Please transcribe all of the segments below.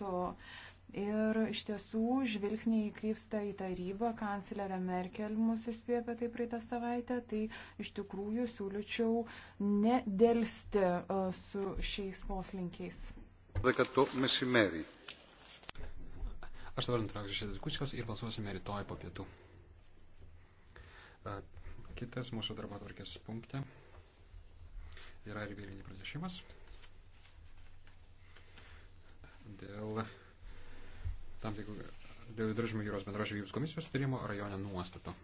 metu. Ir iš tiesų žvilgsniai krypsta į tarybą, kanclerė Merkel mus įspėjo apie tai praeitą savaitę, tai iš tikrųjų siūlyčiau nedelsti e, su šiais poslinkiais. Aš dabar nutrauksiu šią diskusijos ir balsuosime rytoj po pietų. E, kitas mūsų darbo atvarkės punkte yra ir vėliniai pranešimas dėl tam tikrų dėl Viduržymio jūros bendros žvejybos komisijos sutarimo rajonė nuostato.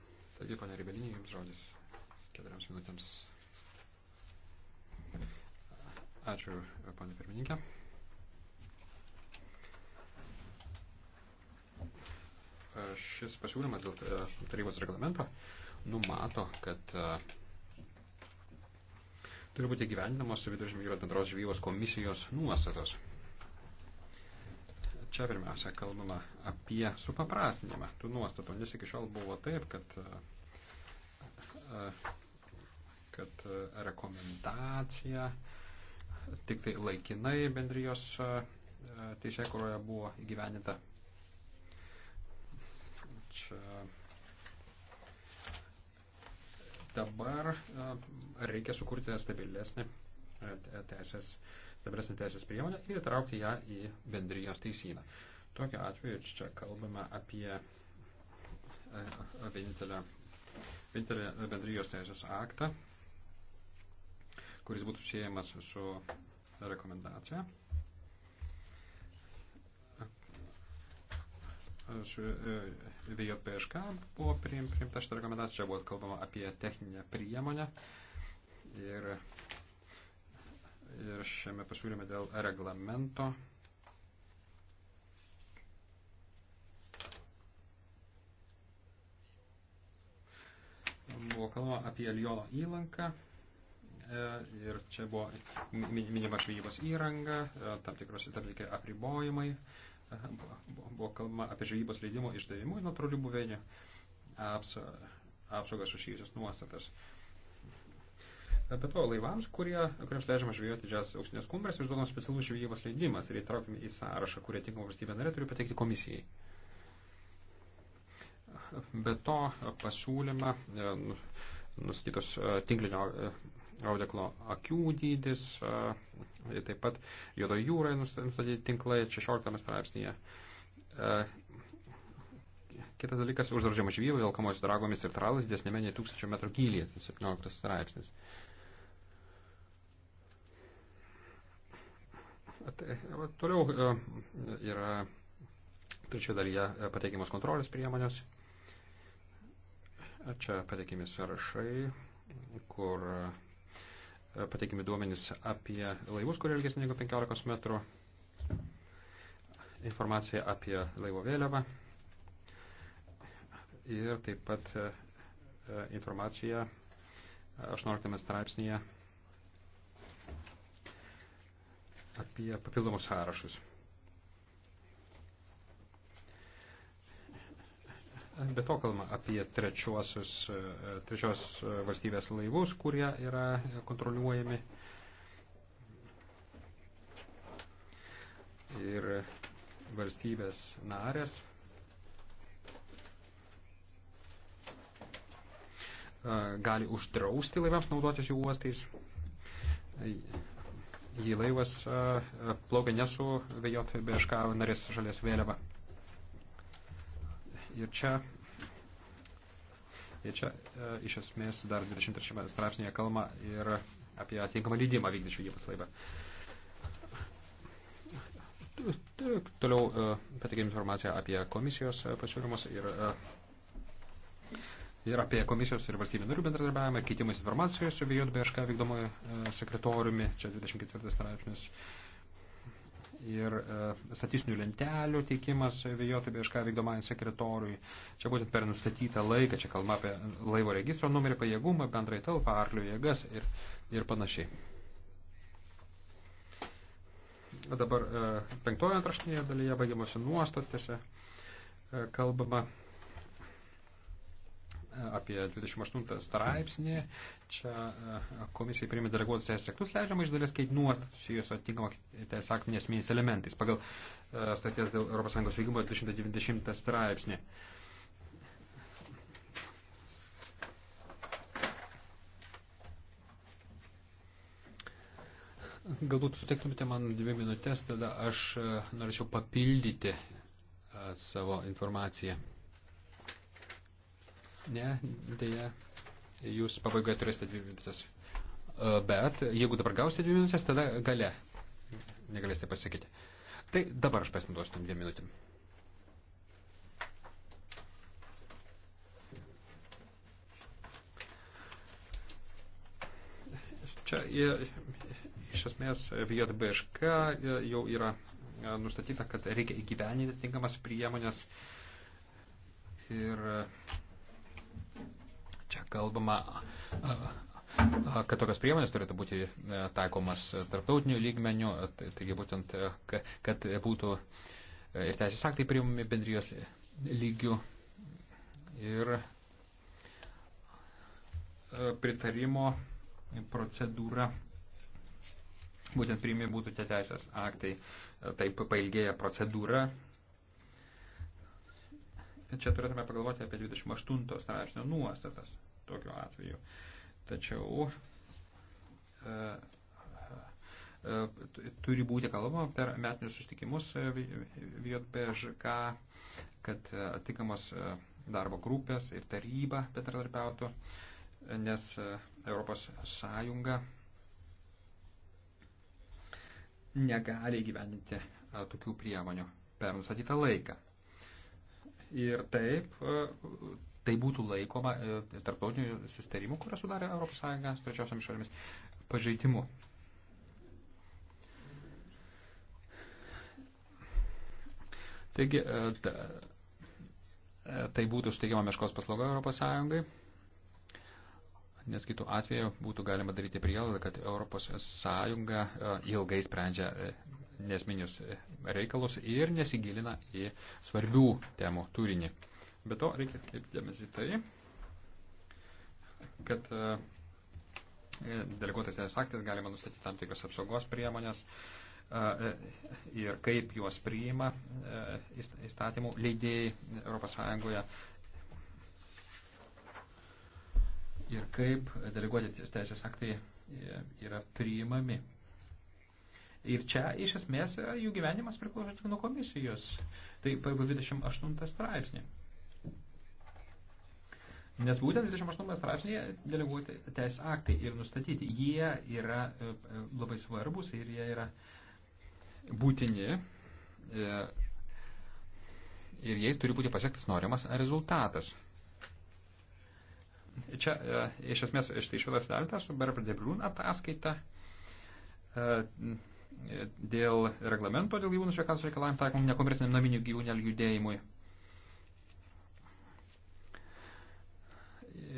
Taigi, pane Ribelinė, jums žodis keturiams minutėms. Ačiū, pane pirmininkė. Šis pasiūlymas dėl e, tarybos reglamento numato, kad e, turi būti gyvendinamos Viduržymio jūros bendros žvejybos komisijos nuostatos. Čia pirmiausia kalbama apie supaprastinimą tų nuostatų, nes iki šiol buvo taip, kad, kad rekomendacija tik tai laikinai bendrijos teisė, kurioje buvo įgyveninta. Čia dabar e, reikia sukurti stabilesnį e, teisės stabilisnę teisės priemonę ir įtraukti ją į bendrijos teisyną. Tokiu atveju čia kalbame apie e, vienintelę, vienintelę bendrijos teisės aktą, kuris būtų siejamas su rekomendacija. E, Vėjo PŠK buvo priimta šitą rekomendaciją, čia buvo kalbama apie techninę priemonę ir ir šiame pasiūlyme dėl reglamento. Buvo kalbama apie Liono įlanką e, ir čia buvo minima žvejybos įranga, e, tam tikros tam tikri apribojimai, buvo kalbama apie žvejybos leidimo išdavimų natūralių buveinių apsaugas susijusios nuostatas. Be to, laivams, kurie, kuriems leidžiama žvejoti didžias auksinės kumbres, išduodamas specialus žvejybos leidimas ir įtraukiami į sąrašą, kurie tinkama valstybė narė turi pateikti komisijai. Be to, pasiūlyme e, nu, nustatytos e, tinklinio e, audeklo akių dydis, taip pat juodo jūrai nustatyti tinklai 16 straipsnėje. Kitas dalykas, uždraudžiama žvyva, vilkamos dragomis ir tralas didesnėme nei 1000 m gylyje, tai 17 straipsnis. Tai, toliau e, yra trečioje dalyje e, pateikimas kontrolės priemonės. Čia pateikimi sąrašai, kur pateikimi duomenys apie laivus, kurie ilgesni negu 15 metrų, informacija apie laivo vėliavą ir taip pat informacija 18 straipsnėje apie papildomus sąrašus. Be to kalbama apie trečiosios, trečios valstybės laivus, kurie yra kontroliuojami. Ir valstybės narės gali uždrausti laivams naudotis jų uostais jei laivas plaukia ne su VJBŠK narės šalies vėliava. Ir čia, ir čia iš esmės dar 23 straipsnėje kalba ir apie atinkamą lydimą vykdyti žvejybos laivą. Toliau patikėm informaciją apie komisijos pasiūlymus ir ir apie komisijos ir valstybių narių bendradarbiavimą, keitimus informacijos su VJBŠK vykdomojo e, sekretoriumi, čia 24 straipsnis, ir e, statistinių lentelių teikimas VJBŠK vykdomajam sekretoriui, čia būtent per nustatytą laiką, čia kalba apie laivo registro numerį, pajėgumą, bendrai talpą, arklių jėgas ir, ir panašiai. Dabar e, penktojo antraštinėje dalyje baigiamosi nuostatėse kalbama apie 28 straipsnį. Čia e, komisija priėmė deleguotus teisės aktus, leidžiama iš dalies kaip nuostatų susijusio atitinkamo teisės aktų nesminiais elementais pagal e, staties dėl ES veikimo 290 straipsnį. Galbūt sutiktumėte man dvi minutės, tada aš e, norėčiau papildyti savo informaciją. Ne, dėja, jūs pabaigoje turėsite dvi minutės. E, bet jeigu dabar gausite dvi minutės, tada gale negalėsite pasakyti. Tai dabar aš pasinaudosiu tom dviem minutėm. Čia iš esmės VJBŠK jau yra e, nustatyta, kad reikia įgyveninti tinkamas priemonės ir Čia kalbama, kad tokios priemonės turėtų būti e, taikomas tarptautiniu lygmeniu, tai, taigi būtent, e, kad būtų e, ir teisės aktai priimami bendrijos lygių. Ir pritarimo procedūra būtent priimi būtų tie teisės aktai. Taip pailgėja procedūra Čia turėtume pagalvoti apie 28 straipsnio nuostatas tokiu atveju. Tačiau e, e, e turi būti kalbama per metinius sustikimus e, VJBŽK, kad e, atitinkamos darbo grupės ir taryba bendradarbiautų, nes Europos Sąjunga negali gyveninti tokių priemonių per nustatytą laiką. Ir taip, e, tai būtų laikoma e, tarptautinių sustarimų, kurią sudarė ES trečiosiams šalimis, pažeidimu. Taigi, e, tai būtų suteikiama meškos paslauga ES, nes kitų atveju būtų galima daryti prielaidą, kad ES ilgai sprendžia nesminius reikalus ir nesigilina į svarbių temų turinį. Be to reikia atkreipti dėmesį tai, kad e, deleguotas teisės aktas galima nustatyti tam tikras apsaugos priemonės e, e, ir kaip juos priima įstatymų leidėjai ES ir kaip deleguoti teisės aktai yra priimami Ir čia iš esmės jų gyvenimas priklauso tik nuo komisijos. Tai pagal 28 straipsnį. Nes būtent 28 straipsnėje deleguoti teisės aktai ir nustatyti, jie yra e, e, labai svarbus ir jie yra būtini e, ir jais turi būti pasiektas norimas rezultatas. Čia e, iš esmės šitai išvadas dalintas su Barbara Debrun ataskaita. E, dėl reglamento dėl gyvūnų sveikatos reikalavimų taikomų nekomerciniam naminių gyvūnelių judėjimui.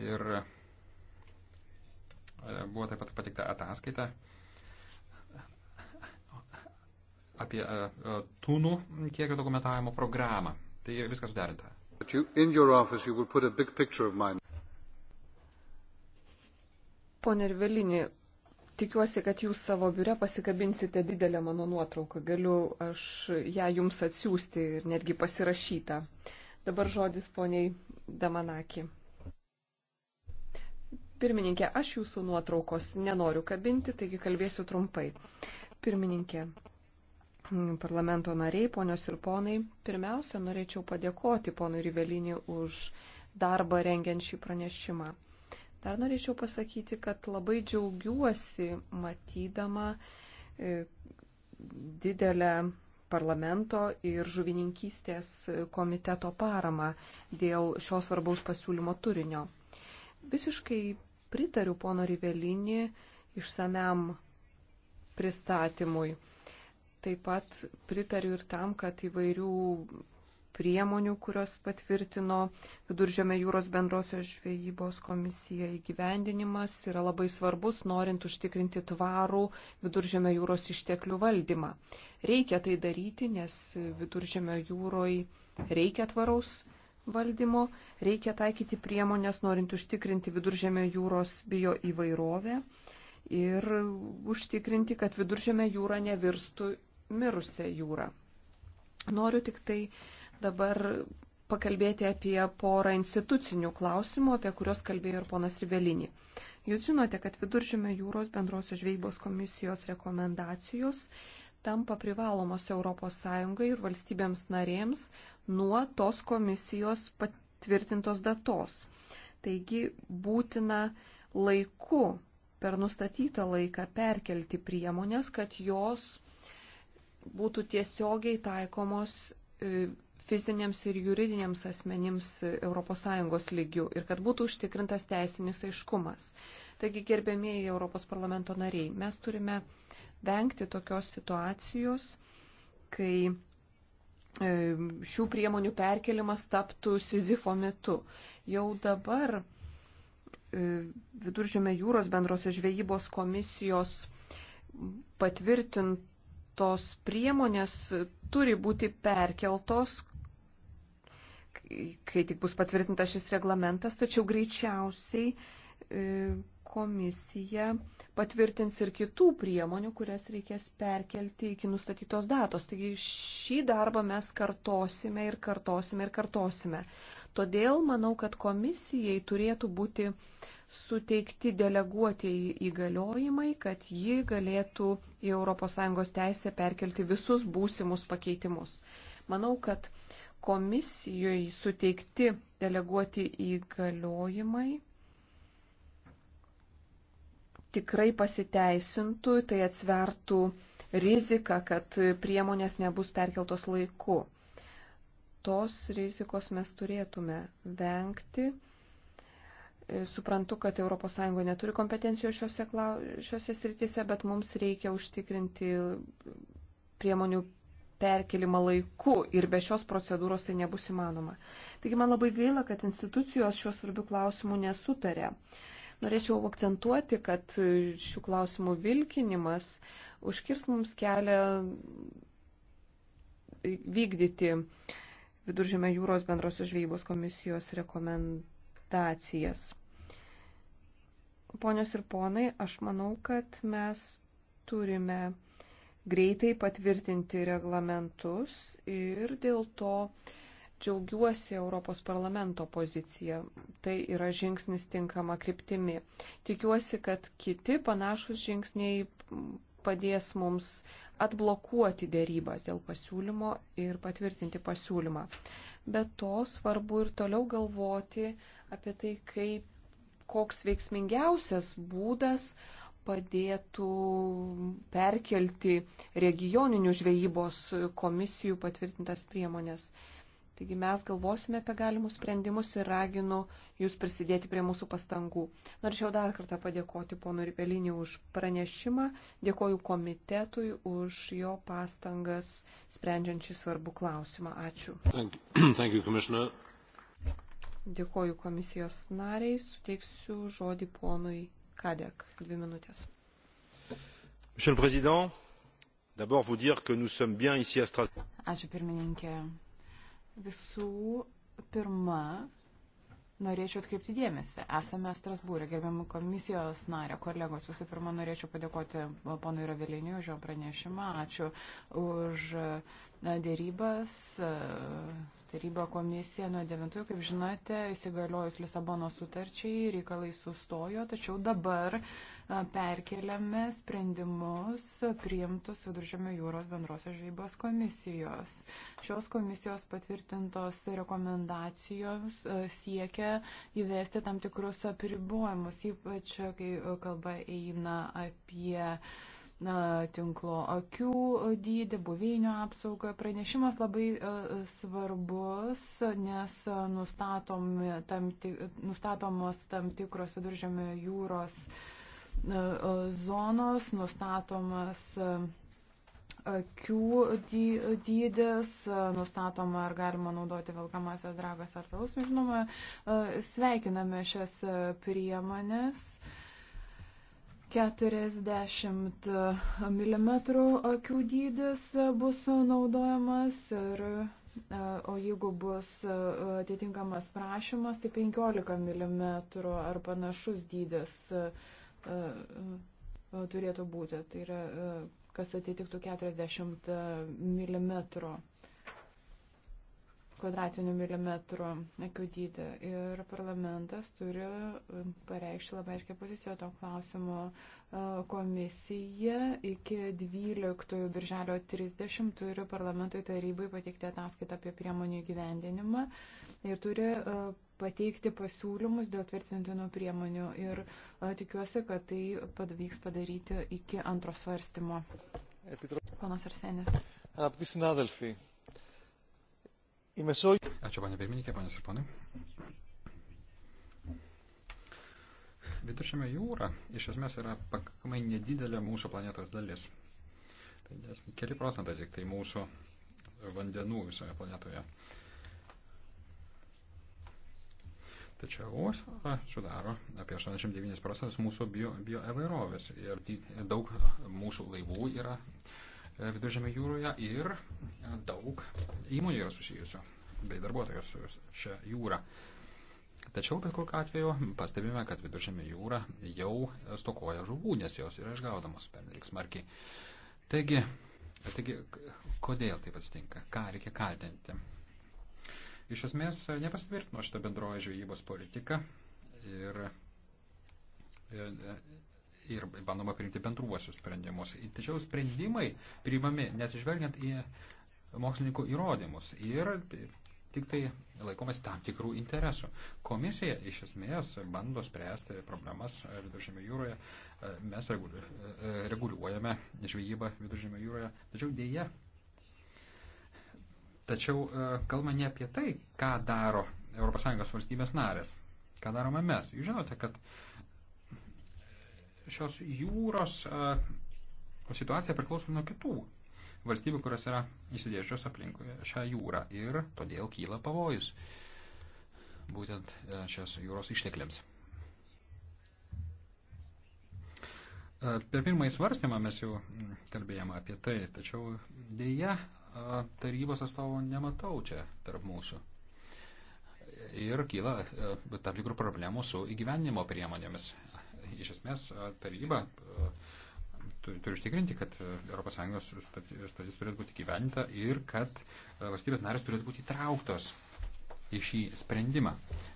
Ir e, buvo taip pat patikta ataskaita apie e, e, tūnų kiekio dokumentavimo programą. Tai viskas suderinta. Pone Irvelinį, Tikiuosi, kad jūs savo biure pasikabinsite didelę mano nuotrauką. Galiu aš ją jums atsiųsti ir netgi pasirašytą. Dabar žodis poniai Damanaki. Pirmininkė, aš jūsų nuotraukos nenoriu kabinti, taigi kalbėsiu trumpai. Pirmininkė, parlamento nariai, ponios ir ponai, pirmiausia, norėčiau padėkoti ponui Rivelinį už darbą rengiant šį pranešimą. Dar norėčiau pasakyti, kad labai džiaugiuosi matydama e, didelę parlamento ir žuvininkystės komiteto paramą dėl šios svarbaus pasiūlymo turinio. Visiškai pritariu pono Rivelinį išsamiam pristatymui. Taip pat pritariu ir tam, kad įvairių priemonių, kurios patvirtino Viduržėme jūros bendrosios žvejybos komisija įgyvendinimas, yra labai svarbus, norint užtikrinti tvarų Viduržėme jūros išteklių valdymą. Reikia tai daryti, nes Viduržėme jūroje reikia tvaraus valdymo, reikia taikyti priemonės, norint užtikrinti Viduržėme jūros bio įvairovę. Ir užtikrinti, kad viduržėme jūra nevirstų mirusią jūrą. Noriu tik tai dabar pakalbėti apie porą institucinių klausimų, apie kuriuos kalbėjo ir ponas Ribelinį. Jūs žinote, kad Viduržymio jūros bendrosios žvejybos komisijos rekomendacijos tampa privalomos ES ir valstybėms narėms nuo tos komisijos patvirtintos datos. Taigi būtina laiku per nustatytą laiką perkelti priemonės, kad jos būtų tiesiogiai taikomos e, fiziniams ir juridiniams asmenims ES lygių ir kad būtų užtikrintas teisinis aiškumas. Taigi, gerbėmieji Europos parlamento nariai, mes turime vengti tokios situacijos, kai e, šių priemonių perkelimas taptų Sizifo metu. Jau dabar e, Viduržėme jūros bendrosios žvejybos komisijos patvirtintos priemonės turi būti perkeltos kai tik bus patvirtintas šis reglamentas, tačiau greičiausiai e, komisija patvirtins ir kitų priemonių, kurias reikės perkelti iki nustatytos datos. Taigi šį darbą mes kartosime ir kartosime ir kartosime. Todėl manau, kad komisijai turėtų būti suteikti deleguotieji įgaliojimai, kad ji galėtų į ES teisę perkelti visus būsimus pakeitimus. Manau, kad komisijai suteikti deleguoti įgaliojimai tikrai pasiteisintų, tai atsvertų riziką, kad priemonės nebus perkeltos laiku. Tos rizikos mes turėtume vengti. Suprantu, kad ES neturi kompetencijos šiuose, šiuose srityse, bet mums reikia užtikrinti priemonių perkelimą laiku ir be šios procedūros tai nebus įmanoma. Taigi man labai gaila, kad institucijos šiuo svarbiu klausimu nesutarė. Norėčiau akcentuoti, kad šių klausimų vilkinimas užkirs mums kelią vykdyti Viduržėme jūros bendrosios žvejybos komisijos rekomendacijas. Ponios ir ponai, aš manau, kad mes turime greitai patvirtinti reglamentus ir dėl to džiaugiuosi Europos parlamento poziciją. Tai yra žingsnis tinkama kryptimi. Tikiuosi, kad kiti panašus žingsniai padės mums atblokuoti dėrybas dėl pasiūlymo ir patvirtinti pasiūlymą. Be to svarbu ir toliau galvoti apie tai, kaip, koks veiksmingiausias būdas uh, padėtų perkelti regioninių žvejybos komisijų patvirtintas priemonės. Taigi mes galvosime apie galimus sprendimus ir raginu jūs prisidėti prie mūsų pastangų. Norėčiau dar kartą padėkoti ponui Ripelinį už pranešimą, dėkoju komitetui už jo pastangas sprendžiant šį svarbų klausimą. Ačiū. Thank you. Thank you, dėkoju komisijos nariai, suteiksiu žodį ponui Kadek, dvi minutės. Monsieur le Président, d'abord vous dire que nous sommes bien ici à Strasbourg. Ačiū pirmininkė. Visų pirma, norėčiau atkreipti dėmesį. Esame Strasbūrė, gerbiami komisijos narė, kolegos. Visų pirma, norėčiau padėkoti ponui Raveliniui už jo pranešimą. Ačiū už dėrybas Taryba komisija nuo 9, kaip žinote, įsigaliojus Lisabono sutarčiai reikalai sustojo, tačiau dabar perkeliame sprendimus priimtus Viduržėmio jūros bendrosios žvejybos komisijos. Šios komisijos patvirtintos rekomendacijos siekia įvesti tam tikrus apribojimus, ypač kai kalba eina apie na, tinklo akių dydį, buveinių apsaugą. Pranešimas labai e, svarbus, nes nustatom tam, nustatomos tam tikros viduržėmio jūros e, e, zonos, nustatomas akių dydis, nustatoma ar galima naudoti vilkamasias dragas ar talus. Žinoma, sveikiname šias priemonės. 40 mm akių dydis bus naudojamas ir e, O jeigu bus e, atitinkamas prašymas, tai 15 mm ar panašus dydis e, turėtų būti, tai yra kas atitiktų 40 mm kvadratinių milimetrų akių dydį. Ir parlamentas turi e, pareikšti labai aiškę poziciją to klausimo. E, komisija iki 12 birželio 30 turi parlamentui tarybai pateikti ataskaitą apie priemonių gyvendinimą ir turi e, pateikti pasiūlymus dėl tvirtintinų priemonių. Ir tikiuosi, kad tai pavyks padaryti iki antro svarstymo. Ponas Arsenis. Aptisinadalfi. Ačiū, panė pirmininkė, panės ir ponai. Viduržėmio jūra iš esmės yra pakankamai nedidelė mūsų planetos dalis. Tai keli procentai tik tai mūsų vandenų visoje planetoje. Tačiau sudaro apie 89 procentus mūsų bioevairovės bio, bio ir daug mūsų laivų yra E, viduržėme jūroje ir e, daug įmonių yra susijusių bei darbuotojų su šia jūra. Tačiau bet kokiu atveju pastebime, kad viduržėme jūra jau stokoja žuvų, nes jos yra išgaudomos pernelik smarkiai. Taigi, e, taigi, kodėl taip atsitinka? Ką reikia kaltinti? Iš esmės nepasitvirtino šitą bendroją žvejybos politiką ir ir bandoma priimti bendruosius sprendimus. Tačiau sprendimai priimami nesižvelgiant į mokslininkų įrodymus ir tik tai laikomasi tam tikrų interesų. Komisija iš esmės bando spręsti problemas viduržėmio jūroje. Mes reguliuojame žvejybą viduržėmio jūroje, tačiau dėje. Tačiau e, kalba ne apie tai, ką daro ES valstybės narės. Ką darome mes? Jūs žinote, kad uh, šios jūros e, situacija priklauso nuo kitų valstybių, kurios yra įsidėžios aplink šią jūrą ir todėl kyla pavojus būtent e, šios jūros ištekliams. E, per pirmąjį svarstymą mes jau mm, kalbėjome apie tai, tačiau dėja tarybos atstovų nematau čia tarp mūsų. Ir kyla tam tikrų problemų su įgyvenimo priemonėmis iš esmės taryba turi užtikrinti, kad ES sutartis turėtų būti gyventa ir kad valstybės narės turėtų būti įtrauktos į šį sprendimą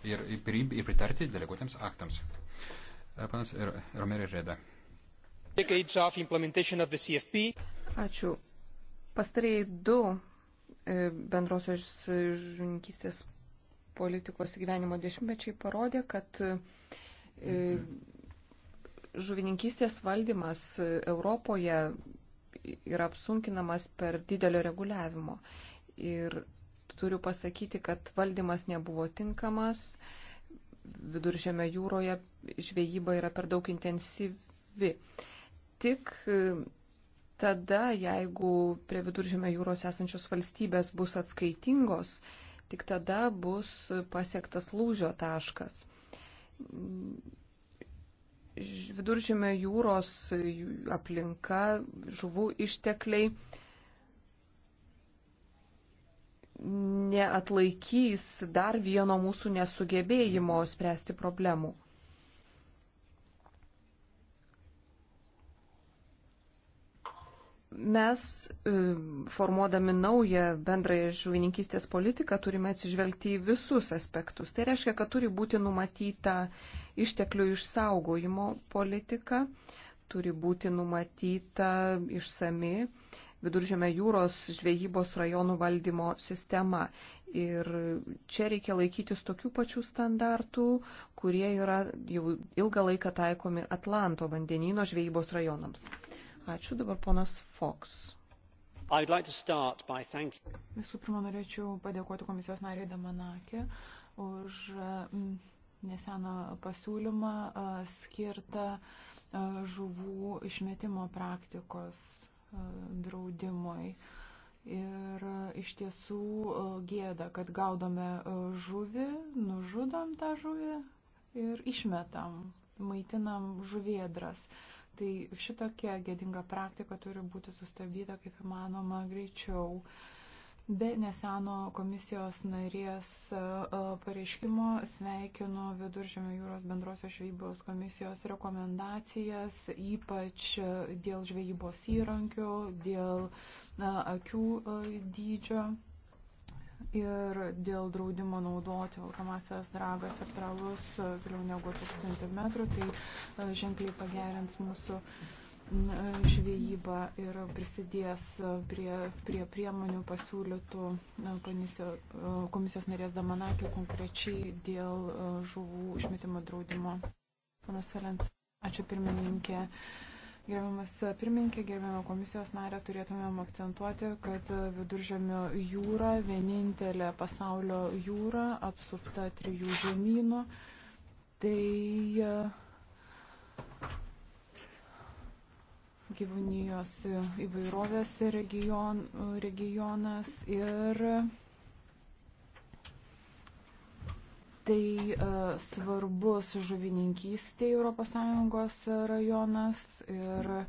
ir, ir pritarti deleguotiems aktams. Panas Romerė Reda. Ačiū. Pastarėjai du e, bendrosios žuvininkystės politikos gyvenimo dešimtmečiai parodė, kad e, mhm žuvininkystės valdymas Europoje yra apsunkinamas per didelio reguliavimo. Ir turiu pasakyti, kad valdymas nebuvo tinkamas, viduržėme jūroje žvejyba yra per daug intensyvi. Tik e, tada, jeigu prie viduržėme jūros esančios valstybės bus atskaitingos, tik tada bus pasiektas lūžio taškas viduržėme jūros aplinka, žuvų ištekliai neatlaikys dar vieno mūsų nesugebėjimo spręsti problemų. Mes, e, formuodami naują bendrąją žuvininkystės politiką, turime atsižvelgti į visus aspektus. Tai reiškia, kad turi būti numatyta uh, išteklių išsaugojimo politika. Turi būti numatyta išsami viduržėme jūros žvejybos rajonų valdymo sistema. Ir čia reikia laikytis tokių pačių standartų, kurie yra jau ilgą laiką taikomi Atlanto vandenino žvejybos rajonams. Ačiū dabar ponas Fox. Like Visų pirma, norėčiau padėkoti komisijos nariai Damanakė už mm, neseną pasiūlymą skirtą žuvų išmetimo praktikos draudimui. Ir iš tiesų gėda, kad gaudome žuvį, nužudom tą žuvį ir išmetam, maitinam žuvėdras. Tai šitokia gėdinga praktika turi būti sustabdyta kaip įmanoma greičiau. Uh, Be neseno komisijos narės e, e, pareiškimo sveikinu Viduržėmio jūros bendrosios žvejybos komisijos rekomendacijas, ypač e, dėl žvejybos įrankių, dėl akių dydžio ir dėl draudimo naudoti valkomasias dragas ir tralus giliau negu 1000 metrų, tai ženkliai pagerins mūsų uh, žvejyba ir prisidės prie, prie priemonių pasiūlytų komisijos narės Damanakio konkrečiai dėl e, žuvų išmetimo draudimo. Panas Valens, ačiū pirmininkė. Gerbiamas pirmininkė, gerbiamą komisijos narę turėtumėm akcentuoti, kad viduržėmio jūra vienintelė pasaulio jūra apsupta trijų žemynų. Tai gyvūnijos įvairovės region, regionas ir tai e, svarbus žuvininkystė ES rajonas ir e,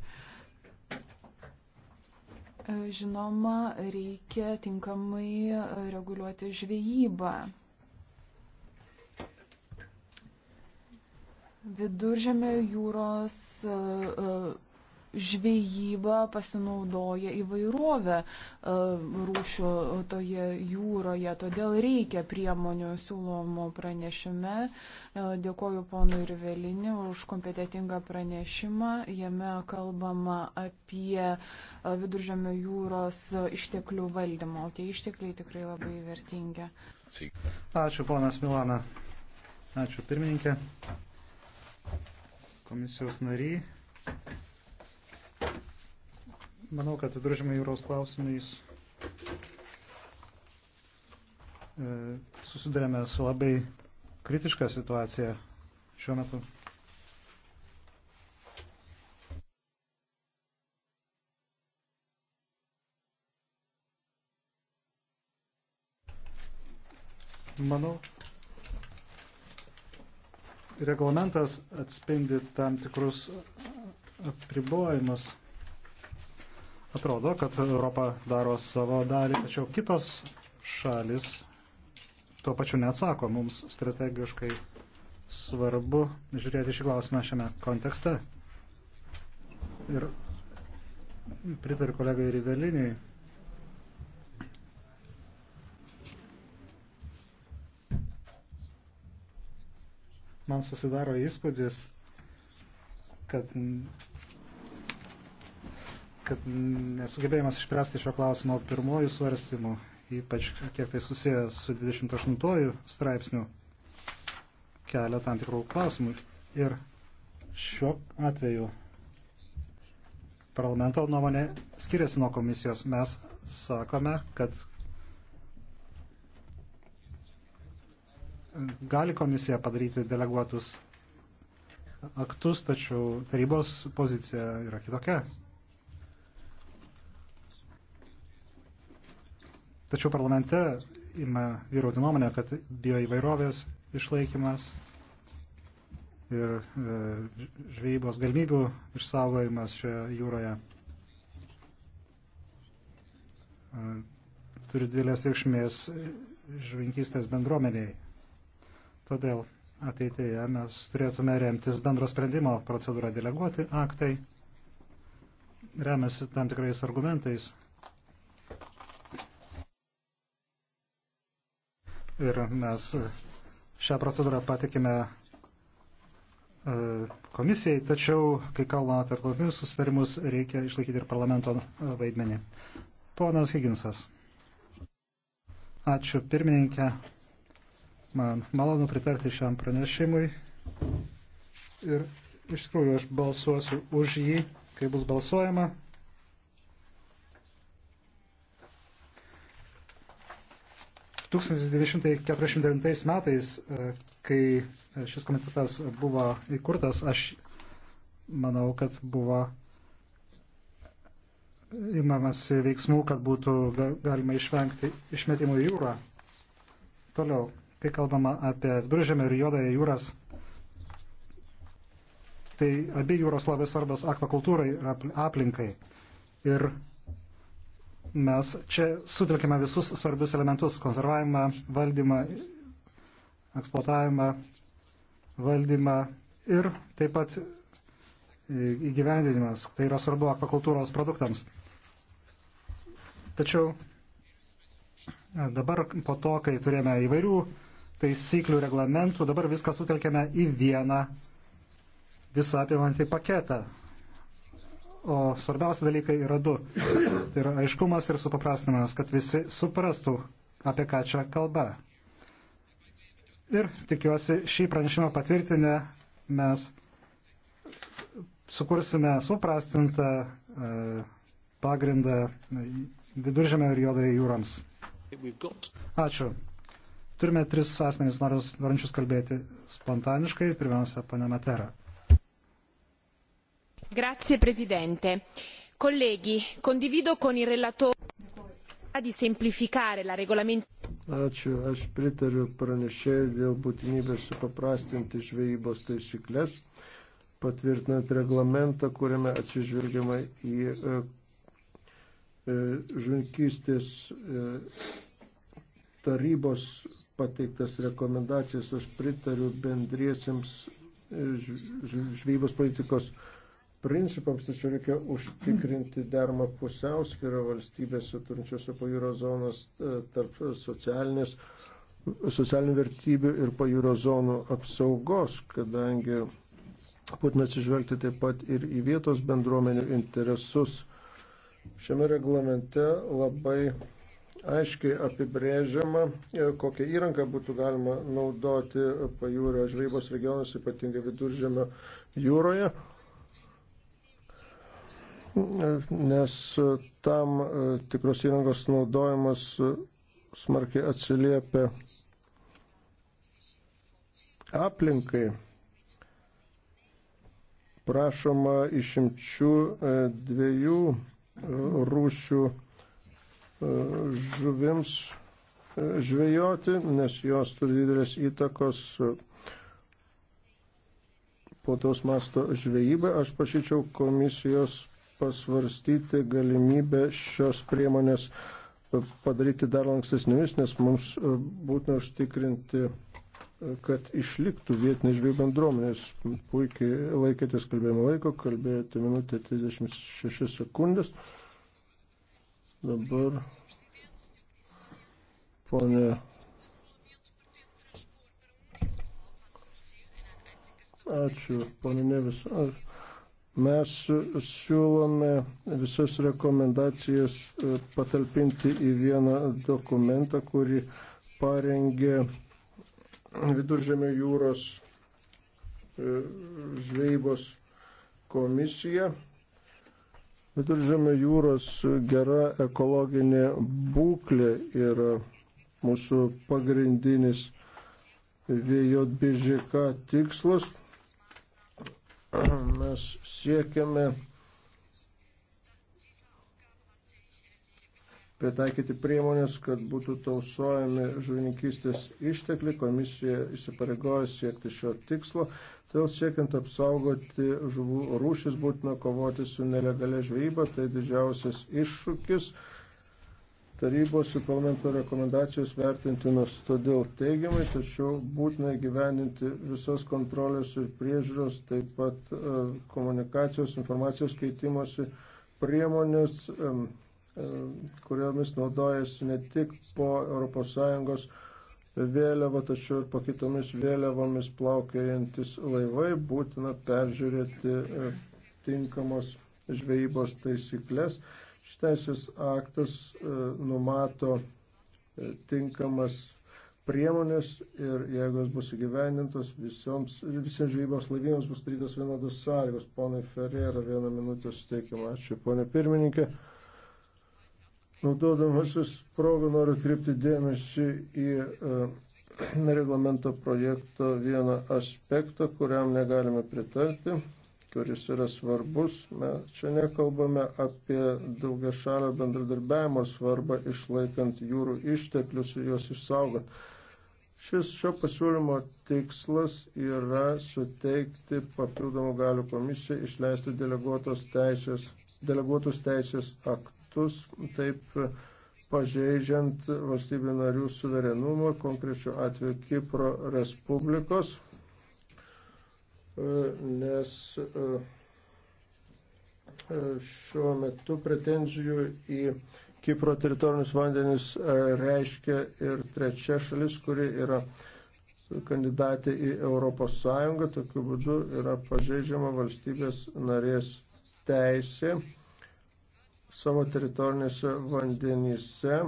žinoma reikia tinkamai reguliuoti žvejybą. Viduržėmio jūros uh, uh, žvejyba pasinaudoja įvairovę e, rūšių toje jūroje, todėl reikia priemonių siūlomo pranešime. E, dėkoju ponui Irvelinį už kompetitingą pranešimą. Jame kalbama apie e, viduržėmio jūros išteklių valdymą, o tie ištekliai tikrai labai vertingi. Ačiū ponas Milana. Ačiū pirmininkė. Komisijos nariai. Manau, kad viduržymai jūros klausimais e, susidurėme su labai kritiška situacija šiuo metu. Manau, reglamentas atspindi tam tikrus apribojimus Atrodo, kad Europa daro savo dalį, tačiau kitos šalis tuo pačiu neatsako. Mums strategiškai svarbu žiūrėti šį klausimą šiame kontekste. Ir pritariu kolegai Riveliniui. Man susidaro įspūdis, kad kad nesugebėjimas išspręsti šio klausimo pirmojų svarstymų, ypač kiek tai susiję su 28 straipsniu, kelia tam tikrų klausimų. Ir šiuo atveju parlamento nuomonė skiriasi nuo komisijos. Mes sakome, kad gali komisija padaryti deleguotus aktus, tačiau tarybos pozicija yra kitokia. Tačiau parlamente ima vyrauti nuomonę, kad bioįvairovės išlaikymas ir e, žvejybos galimybių išsaugojimas šioje jūroje e, turi didelės reikšmės žvinkystės bendruomeniai. Todėl ateityje mes turėtume remtis bendro sprendimo procedūrą deleguoti aktai, remiasi tam tikrais argumentais ir mes šią procedūrą patikime e, komisijai, tačiau, kai kalbame apie tarptautinius susitarimus, reikia išlaikyti ir parlamento e, vaidmenį. Ponas Higginsas. Ačiū pirmininkė. Man malonu pritarti šiam pranešimui. Ir iš tikrųjų aš balsuosiu už jį, kai bus balsuojama. 1949 metais, e, kai e, šis komitetas buvo įkurtas, aš manau, kad buvo imamas veiksmų, kad būtų galima išvengti išmetimo į jūrą. Toliau, kai kalbama apie viduržėmę ir juodąją jūras, tai abi jūros labai svarbios akvakultūrai ir aplinkai. Ir mes čia sutelkime visus svarbius elementus - konservavimą, valdymą, eksploatavimą, valdymą ir taip pat įgyvendinimas. Tai yra svarbu akvakultūros produktams. Tačiau dabar po to, kai turėjome įvairių taisyklių, reglamentų, dabar viską sutelkėme į vieną visą apimantį paketą o svarbiausia dalykai yra du. Tai yra aiškumas ir supaprastinimas, kad visi suprastų, apie ką čia kalba. Ir tikiuosi, šį pranešimą patvirtinę mes sukursime suprastintą e, pagrindą viduržėmio ir jodai jūrams. Ačiū. Turime tris asmenys norančius kalbėti spontaniškai. Pirmiausia, pane Matera signor presidente onorevoli colleghi condivido con il relatore di semplificare la regolamentazione. ačiū aš pritariu pranešėjui dėl būtinybės supaprastinti žvejybos taisykles patvirtinant reglamentą kuriame atsižvelgiama į e, e, žuvininkystės e, tarybos pateiktas rekomendacijas aš pritariu bendriesiems e, žvejybos politikos principams, tačiau reikia užtikrinti dermą pusiausvyrą valstybėse turinčiose pajūro zonas e, tarp socialinės, socialinių vertybių ir pajūro zonų apsaugos, kadangi būtina atsižvelgti taip pat ir į vietos bendruomenių interesus. Šiame reglamente labai aiškiai apibrėžiama, e, kokią įrangą būtų galima naudoti pajūrio žvejybos regionuose, ypatingai viduržėmio jūroje nes tam e, tikros įrangos naudojimas smarkiai atsiliepia aplinkai. Prašoma išimčių e, dviejų e, rūšių žuvims žvejoti, nes jos turi didelės įtakos plataus masto žvejybai. Aš pašyčiau komisijos pasvarstyti galimybę šios priemonės padaryti dar lankstesnėmis, nes mums e, būtina užtikrinti, e, kad išliktų vietiniai žvėjų bendruomenės. Puikiai laikėtės kalbėjimo laiko, kalbėjote minutę 36 sekundės. Dabar, ponė. Ačiū, ponė Nevis. Ačiū. Mes siūlome visas rekomendacijas e, patalpinti į vieną dokumentą, kurį parengė Viduržėmio jūros e, žvejybos komisija. Viduržėmio jūros gera ekologinė būklė yra mūsų pagrindinis VJBŽK tikslas. Mes siekiame pritaikyti priemonės, kad būtų tausojami žuvininkystės ištekliai. Komisija įsipareigoja siekti šio tikslo. Todėl siekiant apsaugoti žuvų rūšis būtina kovoti su nelegalia žvejyba. Tai didžiausias iššūkis tarybos ir parlamento rekomendacijos vertintinos todėl teigiamai, tačiau būtina įgyveninti visas kontrolės ir priežiūros, taip pat e, komunikacijos, informacijos keitimosi priemonės, e, e, kuriomis naudojasi ne tik po ES vėliavą, tačiau ir po kitomis vėliavomis plaukiojantis laivai, būtina peržiūrėti tinkamos žvejybos taisyklės Šitaisius aktas e, numato e, tinkamas priemonės ir jeigu jos bus įgyvendintos, visoms, visiems žvejybos laivynams bus darytos vienodos sąlygos. Ponai Ferrera, vieną minutę suteikimą. Ačiū, ponė pirmininkė. Naudodamasis progą noriu atkreipti dėmesį į uh, reglamento projekto vieną aspektą, kuriam negalime pritarti kuris yra svarbus. Mes čia nekalbame apie daugia šalio bendradarbiavimo svarbą išlaikant jūrų išteklius ir juos išsaugant. Šis šio pasiūlymo tikslas yra suteikti papildomų galių komisijai išleisti deleguotos teisės, deleguotus teisės aktus, taip pažeidžiant valstybių narių suverenumą, konkrečiu atveju Kipro Respublikos E, nes e, e, šiuo metu pretenzijų į Kipro teritorinius vandenis reiškia ir trečia šalis, kuri yra kandidatė į Europos Sąjungą. Tokiu būdu yra pažeidžiama valstybės narės teisė savo teritorinėse vandenyse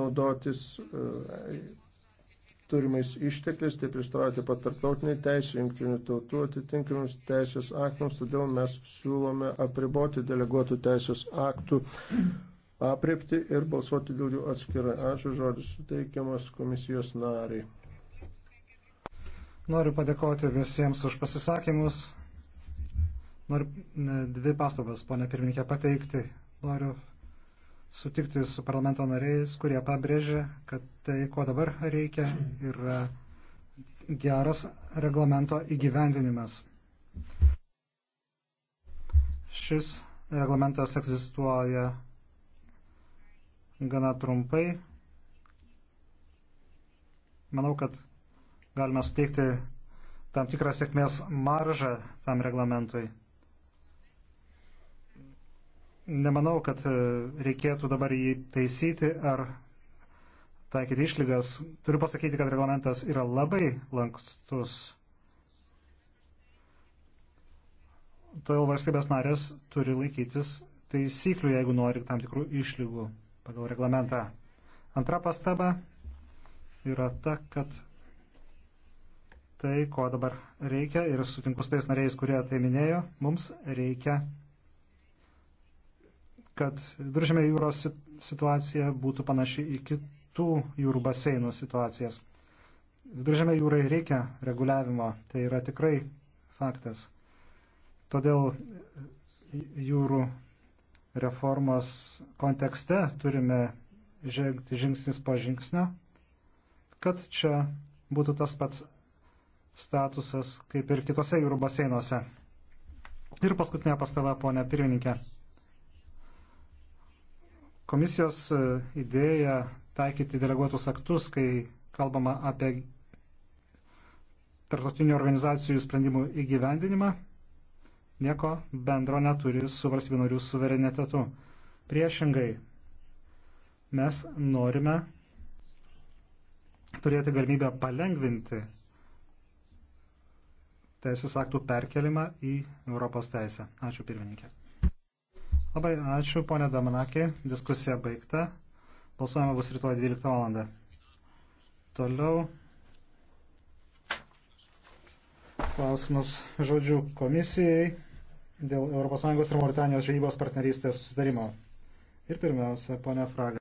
naudotis turimais ištekliais, tai pristrauja taip pat tarptautiniai teisė, jungtinių tautų atitinkamus teisės aktams, todėl mes siūlome apriboti deleguotų teisės aktų apriepti ir balsuoti dėl jų atskirai. Ačiū žodis suteikiamas komisijos nariai. Noriu padėkoti visiems už pasisakymus. Noriu dvi pastabas, ponė pirmininkė, pateikti. Noriu sutikti su parlamento nariais, kurie pabrėžė, kad tai, ko dabar reikia, yra geras reglamento įgyvendinimas. Šis reglamentas egzistuoja gana trumpai. Manau, kad galima suteikti tam tikrą sėkmės maržą tam reglamentui nemanau, kad e, reikėtų dabar jį taisyti ar taikyti išlygas. Turiu pasakyti, kad reglamentas yra labai lankstus. Todėl valstybės narės turi laikytis taisyklių, jeigu nori tam tikrų išlygų pagal reglamentą. Antra pastaba yra ta, kad tai, ko dabar reikia ir sutinku su tais nariais, kurie tai minėjo, mums reikia kad viržėme jūros situacija būtų panaši į kitų jūrų baseinų situacijas. Viržėme jūrai reikia reguliavimo, tai yra tikrai faktas. Todėl jūrų reformos kontekste turime žengti žingsnis po žingsnio, kad čia būtų tas pats statusas kaip ir kitose jūrų baseinuose. Ir paskutinė pastaba, ponė pirmininkė. Komisijos e, idėja taikyti deleguotus aktus, kai kalbama apie tarptautinių organizacijų sprendimų įgyvendinimą, nieko bendro neturi su valstybinarių suverenitetu. Priešingai, mes norime turėti galimybę palengvinti teisės aktų perkelimą į Europos teisę. Ačiū pirmininkė. Labai ačiū, ponė Damanakė. Diskusija baigta. Balsuojama bus rytoj 12 val. Toliau klausimas žodžių komisijai dėl ES ir Mauritanijos žvejybos partnerystės susidarimo. Ir pirmiausia, ponė Fraga.